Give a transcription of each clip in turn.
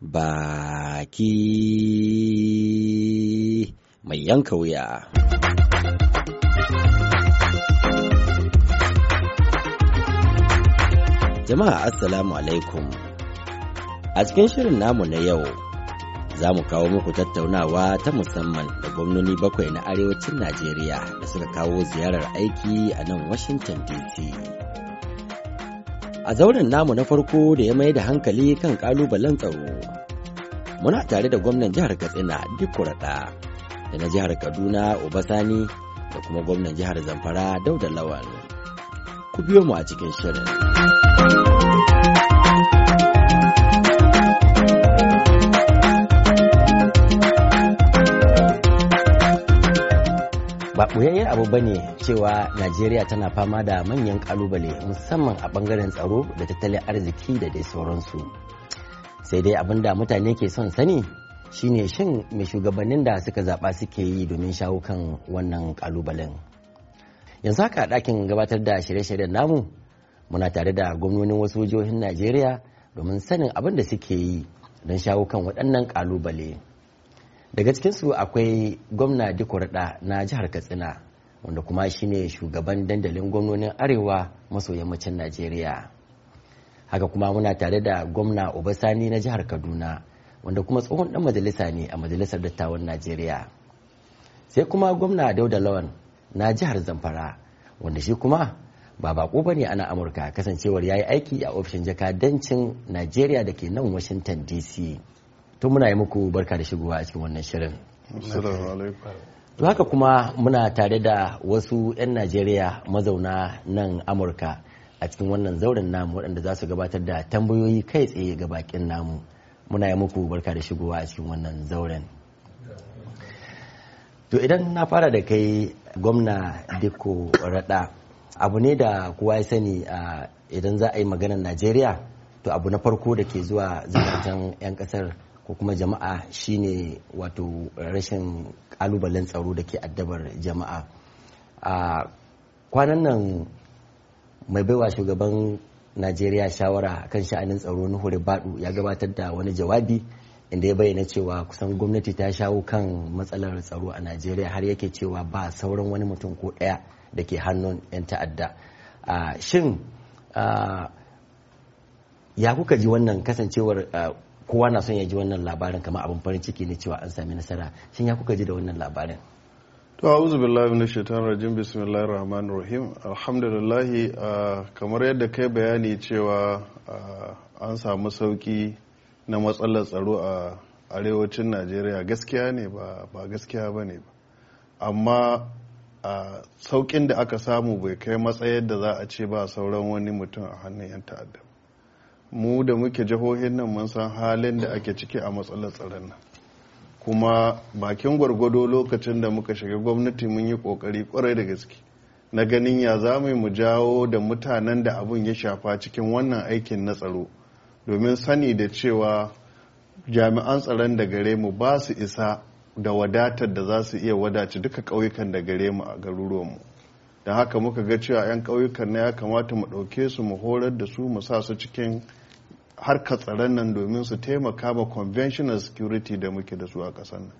baki mai yanka wuya. Jama'a Assalamu alaikum. A cikin shirin namu na yau, za mu kawo muku tattaunawa ta musamman da gwamnoni bakwai na arewacin Najeriya da suka kawo ziyarar aiki a nan Washington DC. a zauren namu na farko da ya mai da hankali kan kalubalen tsaro muna tare da gwamnan jihar katsina duk kurada da na jihar kaduna obasani da kuma gwamnan jihar zamfara dauda lawan ku biyo mu a cikin shirin ba ɓoyayyen abu ba ne cewa najeriya tana fama da manyan ƙalubale musamman a ɓangaren tsaro da tattalin arziki da dai sauransu sai dai abin da mutane ke son sani shine shin mai shugabannin da suka zaɓa suke yi domin shawo kan wannan kalubalen yanzu haka ɗakin gabatar da shirye-shiryen namu muna tare da gwamnonin wasu jihohin najeriya domin sanin abin da suke yi don shawo kan waɗannan ƙalubale. daga cikinsu akwai gwamna dikurada na jihar katsina wanda kuma shine shugaban dandalin gwamnonin arewa maso yammacin najeriya haka kuma muna tare da gwamna obasani na jihar kaduna wanda kuma tsohon dan majalisa ne a majalisar dattawan najeriya sai kuma gwamna dauda lawan na jihar zamfara wanda shi kuma ba bako ba ne ana amurka kasancewar ya yi aiki a ofishin jakadancin najeriya da ke nan washington dc to muna yi muku barka da shigowa a cikin wannan shirin to haka kuma muna tare da wasu 'yan najeriya mazauna nan amurka a cikin wannan zauren namu waɗanda za su gabatar da tambayoyi kai tsaye ga bakin namu muna yi muku barka da shigowa a cikin wannan zauren to idan na fara da kai gwamna diko rada abu ne da kowa ya sani idan za a yi maganar najeriya to abu na farko da ke zuwa zuwa 'yan ƙasar. ko kuma jama'a shine wato rashin kalubalen tsaro da ke addabar jama'a a kwanan nan mai baiwa shugaban najeriya shawara kan sha'anin tsaro nuhu Badu ya gabatar da wani jawabi inda ya bayyana cewa kusan gwamnati ta shawo kan matsalar tsaro a najeriya har yake cewa ba sauran wani mutum ko ɗaya da ke hannun 'yan ta'adda shin ya kuka ji wannan kasancewar kowa na son ya ji wannan labarin kamar abin farin ciki ne cewa an sami nasara shin ya kuka ji da wannan labarin to a'udhu billahi minash shaitanir rajim bismillahir rahmanir rahim alhamdulillah uh, kamar yadda kai bayani cewa uh, an samu sauki na matsalar tsaro a arewacin Najeriya gaskiya ne ba gaskiya bane ba amma a uh, saukin da aka samu bai kai matsayar da za a ce ba sauran wani mutum a hannun 'yan ta'adda mu da muke jihohin nan mun san halin da ake ciki a matsalar tsaron nan kuma bakin gwargwado lokacin da muka shiga gwamnati mun yi kokari kwarai da gaske na ganin ya za mu jawo da mutanen da abun ya shafa cikin wannan aikin na tsaro domin sani da cewa jami'an tsaron da gare mu ba su isa da wadatar da za su iya wadace duka ƙauyukan da gare mu a mu da haka muka ga cewa 'yan ƙauyukan na ya kamata mu ɗauke su mu horar da su mu sa su cikin harka tsaron nan domin su taimaka ba conventional security da muke da su a ƙasar nan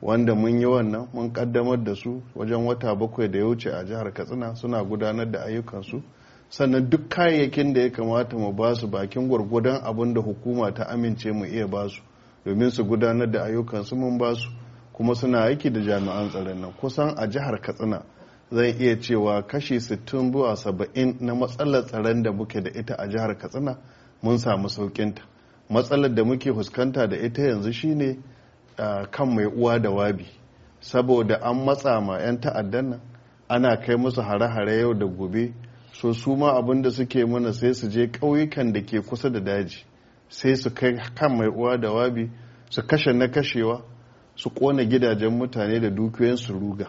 wanda mun yi wannan mun kaddamar da su wajen wata bakwai da ya wuce a jihar katsina suna gudanar da ayyukansu sannan duk kayayyakin da ya kamata mu ba su bakin gwargwadon abin da hukuma ta amince mu iya ba su domin su gudanar da ayyukansu mun ba su kuma suna aiki da jami'an tsaron nan kusan a jihar katsina zai iya cewa kashi 60 zuwa 70 na matsalar tsaron da muke da ita a jihar katsina mun samu saukinta matsalar da muke fuskanta da ita yanzu shine kan mai uwa da wabi saboda an matsa ma 'yan ta'addan nan ana kai musu hare-hare yau da gobe so su ma abin da suke mana sai su je ƙauyukan da ke kusa da daji sai su kai kan mai uwa da wabi su kashe na kashewa su ƙona gidajen mutane da dukiyoyin su ruga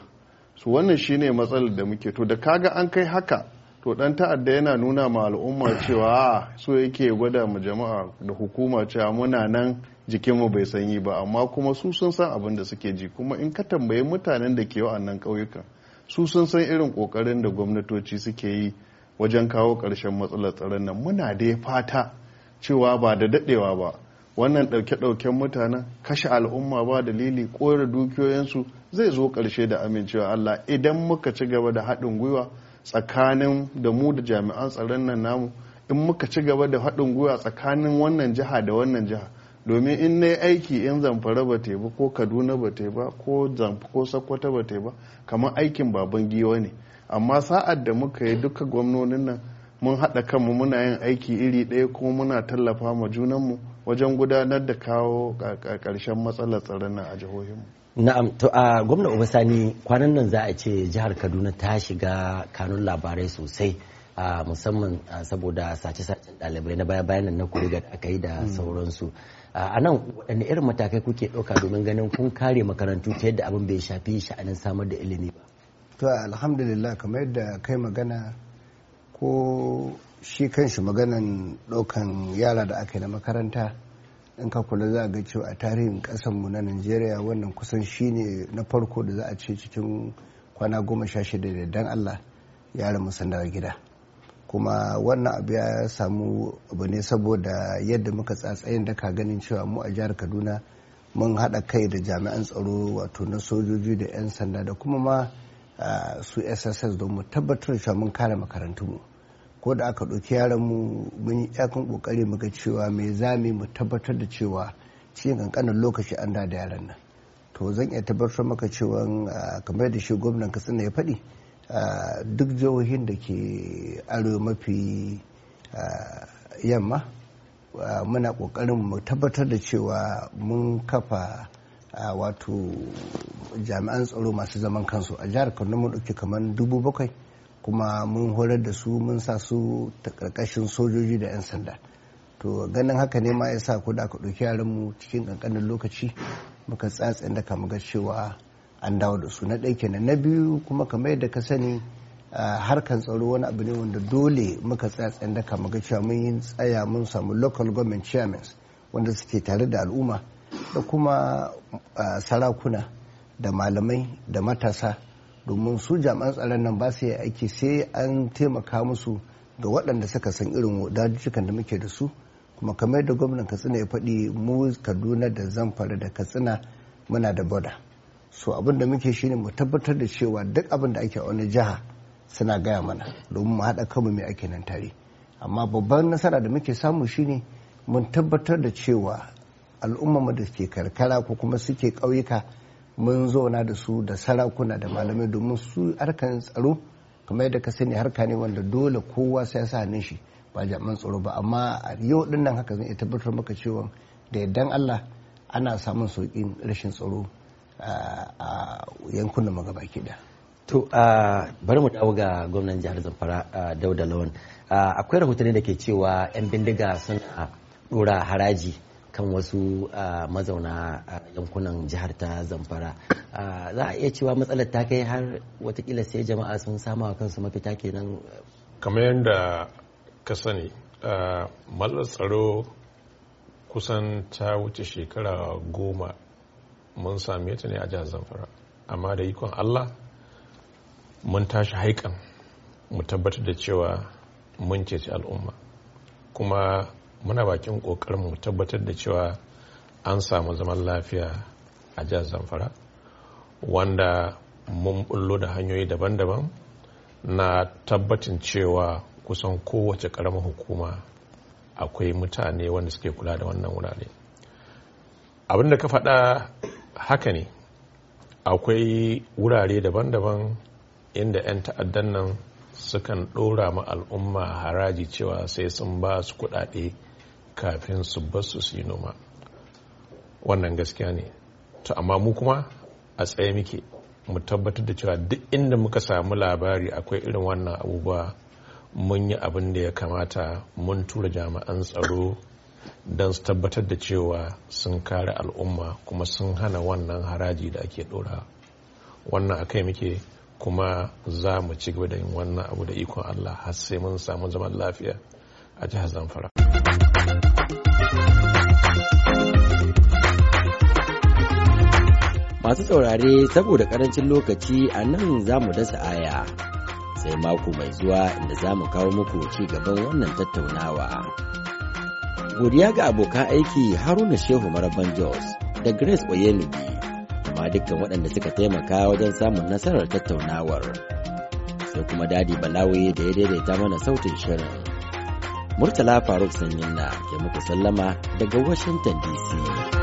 su wannan shine matsalar da muke to da kaga an kai haka to dan ta'adda yana nuna ma al'umma cewa ah, so yake gwada ma jama'a da hukuma cewa muna nan jikinmu bai sanyi ba amma kuma su sun san abin da suke ji kuma in ka tambayi mutanen da ke wa'annan kauyuka su sun san irin kokarin da gwamnatoci suke yi wajen kawo ƙarshen matsalar tsaron nan muna dai fata cewa ba da daɗewa ba wannan ɗauke-ɗauken mutanen kashe al'umma ba dalili koyar dukiyoyinsu zai zo ƙarshe da amincewa Allah idan muka ci gaba da haɗin gwiwa tsakanin da mu da jami'an tsaron nan namu in muka ci gaba da haɗin gwiwa tsakanin wannan jiha da wannan jiha domin in na aiki in zamfara ba ta ba ko kaduna ba ta ba ko zamfara ko sakwata ba ta ba kamar aikin baban giwa ne amma sa'ad da muka yi duka gwamnonin nan mun haɗa kanmu muna yin aiki iri ɗaya kuma muna tallafa ma junanmu wajen gudanar da kawo karshen matsalar tsaron nan a jihohin na'am to a gwamna obasani kwanan nan za a ce jihar kaduna ta shiga kanun labarai sosai a musamman saboda sace-sacen ɗalibai na baya-bayan na kuriga da aka yi da mm. sauransu a nan waɗanne irin matakai kuke ɗauka domin ganin kun kare makarantu ta yadda abin bai shafi sha'anin samar da ilimi ba to alhamdulillah kamar yadda kai magana ko shi kan shi maganan ɗaukan yara da aka yi na makaranta in ka kula za a ga cewa a tarihin mu na najeriya wannan kusan shi ne na farko da za a ce cikin kwana goma sha shida da dan allah yaran mu sun gida kuma wannan abu ya samu abu ne saboda yadda muka tsatsayin da ka ganin cewa mu a jihar kaduna mun haɗa kai da jami'an tsaro wato na sojoji da 'yan sanda da kuma ma ah, su sss don mu tabbatar da cewa mun kare makarantunmu ko da aka ɗauki yaran mu mun yi yakan kokari muga cewa me zami mu tabbatar da cewa cikin ƙanƙanin lokaci an da da yaran nan to zan iya tabbatar maka cewa kamar da shi gwamnan katsina ya faɗi duk jihohin da ke arewa mafi yamma muna ƙoƙarin mu tabbatar da cewa mun kafa wato jami'an tsaro masu zaman kansu a jihar kano mun ɗauki kamar dubu bakwai kuma mun horar da su mun sa su ta karkashin sojoji da 'yan sanda to ganin haka ne ma ya sa ku da aka ɗauki mu cikin kankanin lokaci muka tsatsin da kama ga cewa an dawo da su na ɗaya kenan na biyu kuma kamar yadda ka sani harkan tsaro wani abu ne wanda dole muka tsatsin da kama ga cewa mun yi tsaya mun samu local government chairmen wanda suke tare da al'umma da kuma sarakuna da malamai da matasa domin su jami'an tsaron nan ba su yi aiki sai an taimaka musu ga waɗanda suka san irin dajujjukan da muke da su kuma kamar da gwamnan katsina ya faɗi mu kaduna da zamfara da katsina muna da boda so abin da muke shine mu tabbatar da cewa duk abin da ake a wani jiha suna gaya mana domin mu haɗa kanmu mai ake nan tare amma babban nasara da muke samu shine mun tabbatar da cewa al'ummar da ke karkara ko kuma suke ƙauyuka mun zauna da su da sarakuna da malamai domin su harkan tsaro kamar yadda ka sani harka ne wanda dole kowa sai sa hannun shi ba jami'an tsaro ba amma a yau din nan haka zan iya tabbatar maka cewa da yardan Allah ana samun sauƙin rashin tsaro a yankunan magabaki da. To bari mu dawo ga gwamnan jihar Zamfara Dauda Lawan. Akwai rahotanni da ke cewa 'yan bindiga suna dora haraji kan wasu mazauna yankunan jihar ta zamfara za a iya cewa matsalar ta kai har watakila sai jama'a sun sama kansu mafita kenan kamar yadda ka sani matsalar tsaro kusan ta wuce shekara goma mun same ta ne a jihar zamfara amma da ikon allah mun tashi haikan mu tabbatar da cewa mun ceci al'umma kuma muna bakin kokarin mu tabbatar da cewa an samu zaman lafiya a jihar zamfara wanda mun bullo da hanyoyi daban-daban na tabbatin cewa kusan kowace karamar hukuma akwai mutane wanda suke kula da wannan wurare abin da ka faɗa haka ne akwai wurare daban-daban inda 'yan ta'addan nan sukan ɗora ma al'umma haraji cewa sai sun ba su kuɗaɗe kafin su basu su yi noma wannan gaskiya ne to amma mu kuma a tsaye muke mu tabbatar da cewa duk inda muka samu labari akwai irin wannan abubuwa mun yi abin da ya kamata mun tura jami'an tsaro don su tabbatar da cewa sun kare al'umma kuma sun hana wannan haraji da ake dora wannan akai muke kuma za mu ci gaba da yin wannan abu da ikon allah har sai mun samu zaman lafiya a jihar zamfara masu saurare saboda karancin lokaci a nan za mu dasa aya sai mako mai zuwa inda za mu kawo muku ci gaban wannan tattaunawa godiya ga abokan aiki haruna shehu maraban jos da grace oyenubi ma dukkan waɗanda suka taimaka wajen samun nasarar tattaunawar sai kuma dadi balawe da ya daidaita mana sautin shirin murtala faruk sanyin na ke muku sallama daga washington dc